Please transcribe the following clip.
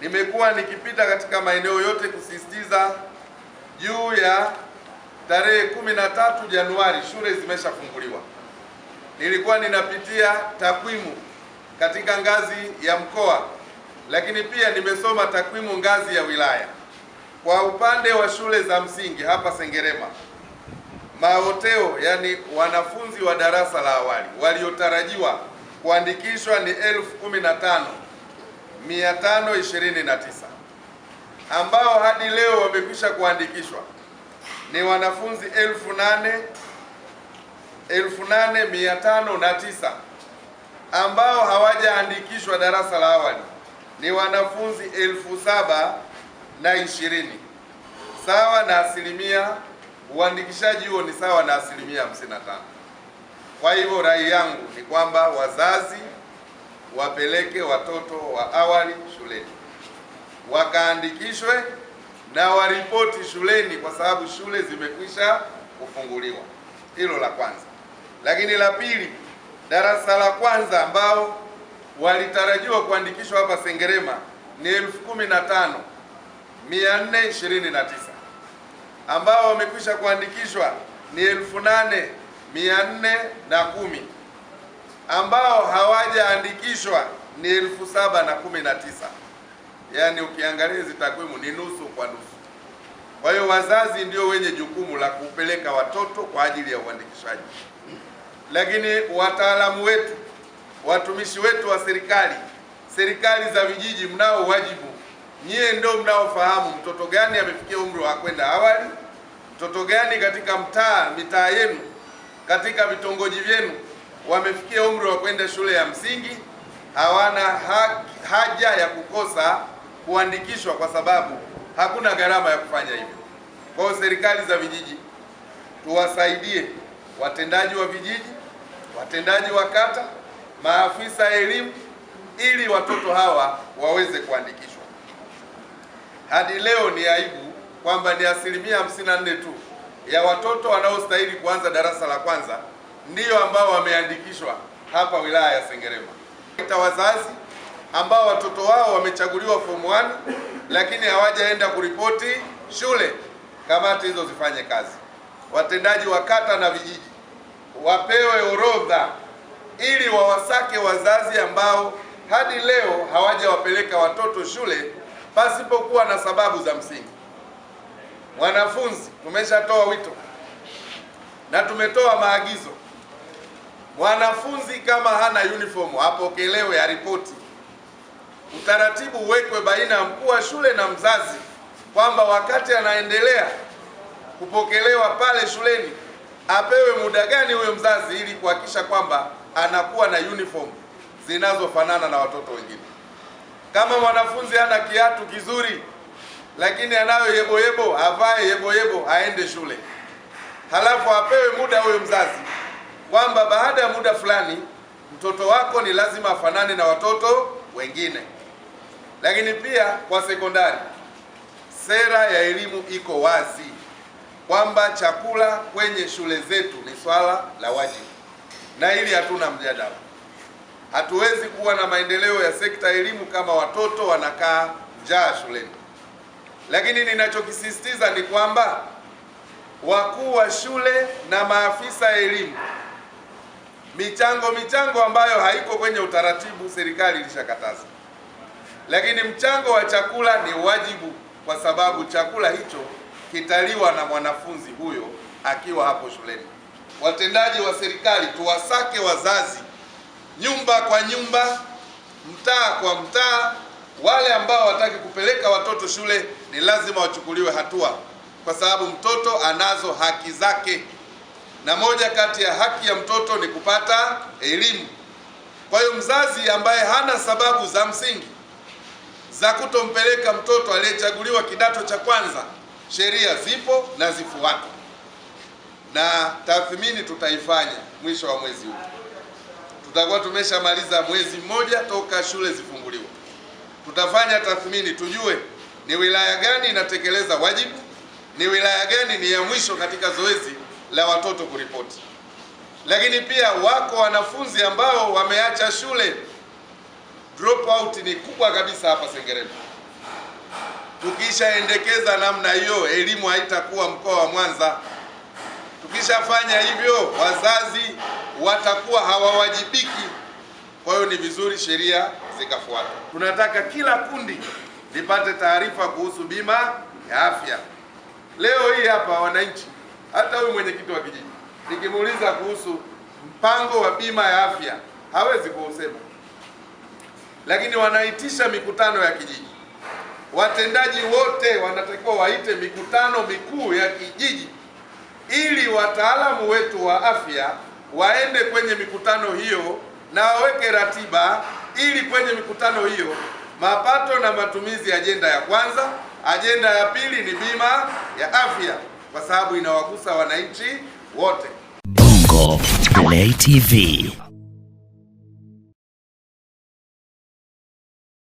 Nimekuwa nikipita katika maeneo yote kusisitiza juu ya tarehe kumi na tatu Januari shule zimeshafunguliwa. Nilikuwa ninapitia takwimu katika ngazi ya mkoa, lakini pia nimesoma takwimu ngazi ya wilaya. Kwa upande wa shule za msingi hapa Sengerema, maoteo yani wanafunzi wa darasa la awali waliotarajiwa kuandikishwa ni elfu kumi na tano 529 ambao hadi leo wamekwisha kuandikishwa ni wanafunzi 8509 ambao hawajaandikishwa darasa la awali ni wanafunzi 7020 na sawa na asilimia uandikishaji huo ni sawa na asilimia 55. Kwa hivyo rai yangu ni kwamba wazazi wapeleke watoto wa awali shuleni wakaandikishwe na waripoti shuleni, kwa sababu shule zimekwisha kufunguliwa. Hilo la kwanza. Lakini la pili, darasa la kwanza ambao walitarajiwa kuandikishwa hapa Sengerema ni elfu kumi na tano mia nne ishirini na tisa ambao wamekwisha kuandikishwa ni elfu nane mia nne na kumi ambao hawajaandikishwa ni elfu saba na kumi na tisa yaani ukiangalia hizi takwimu ni nusu kwa nusu. Kwa hiyo wazazi ndio wenye jukumu la kupeleka watoto kwa ajili ya uandikishaji, lakini wataalamu wetu, watumishi wetu wa serikali, serikali za vijiji, mnao wajibu nyie, ndio mnaofahamu mtoto gani amefikia umri wa kwenda awali, mtoto gani katika mtaa, mitaa yenu, katika vitongoji vyenu wamefikia umri wa kwenda shule ya msingi hawana ha haja ya kukosa kuandikishwa kwa sababu hakuna gharama ya kufanya hivyo. Kwa hiyo serikali za vijiji tuwasaidie watendaji wa vijiji, watendaji wa kata, maafisa elimu ili watoto hawa waweze kuandikishwa. Hadi leo ni aibu kwamba ni asilimia 54 tu ya watoto wanaostahili kuanza darasa la kwanza ndiyo ambao wameandikishwa hapa wilaya ya Sengerema. Ita wazazi ambao watoto wao wamechaguliwa form 1 lakini hawajaenda kuripoti shule, kamati hizo zifanye kazi. Watendaji wa kata na vijiji wapewe orodha ili wawasake wazazi ambao hadi leo hawajawapeleka watoto shule pasipokuwa na sababu za msingi. Wanafunzi, tumeshatoa wito na tumetoa maagizo Mwanafunzi kama hana uniform apokelewe, aripoti. Utaratibu uwekwe baina ya mkuu wa shule na mzazi kwamba wakati anaendelea kupokelewa pale shuleni apewe muda gani huyo mzazi, ili kuhakikisha kwamba anakuwa na uniform zinazofanana na watoto wengine. Kama mwanafunzi hana kiatu kizuri lakini anayo yeboyebo, avae yeboyebo aende shule, halafu apewe muda huyo mzazi kwamba baada ya muda fulani mtoto wako ni lazima afanane na watoto wengine. Lakini pia kwa sekondari, sera ya elimu iko wazi kwamba chakula kwenye shule zetu ni swala la wajibu, na hili hatuna mjadala. Hatuwezi kuwa na maendeleo ya sekta elimu kama watoto wanakaa njaa shuleni. Lakini ninachokisisitiza ni kwamba wakuu wa shule na maafisa elimu michango michango ambayo haiko kwenye utaratibu, serikali ilishakataza. Lakini mchango wa chakula ni wajibu, kwa sababu chakula hicho kitaliwa na mwanafunzi huyo akiwa hapo shuleni. Watendaji wa serikali, tuwasake wazazi nyumba kwa nyumba, mtaa kwa mtaa. Wale ambao wataki kupeleka watoto shule ni lazima wachukuliwe hatua, kwa sababu mtoto anazo haki zake na moja kati ya haki ya mtoto ni kupata elimu. Kwa hiyo mzazi ambaye hana sababu za msingi za kutompeleka mtoto aliyechaguliwa kidato cha kwanza, sheria zipo na zifuatwe, na tathmini tutaifanya mwisho wa mwezi huu. Tutakuwa tumeshamaliza mwezi mmoja toka shule zifunguliwe. Tutafanya tathmini tujue ni wilaya gani inatekeleza wajibu, ni wilaya gani ni ya mwisho katika zoezi la watoto kuripoti, lakini pia wako wanafunzi ambao wameacha shule. Drop out ni kubwa kabisa hapa Sengerema. Tukishaendekeza namna hiyo, elimu haitakuwa mkoa wa Mwanza. Tukishafanya hivyo, wazazi watakuwa hawawajibiki. Kwa hiyo ni vizuri sheria zikafuata. Tunataka kila kundi lipate taarifa kuhusu bima ya afya. Leo hii hapa wananchi hata huyu mwenyekiti wa kijiji nikimuuliza kuhusu mpango wa bima ya afya hawezi kuusema, lakini wanaitisha mikutano ya kijiji. Watendaji wote wanatakiwa waite mikutano mikuu ya kijiji ili wataalamu wetu wa afya waende kwenye mikutano hiyo na waweke ratiba, ili kwenye mikutano hiyo mapato na matumizi, ajenda ya kwanza, ajenda ya pili ni bima ya afya kwa sababu inawagusa wananchi wote. Bongo Play TV.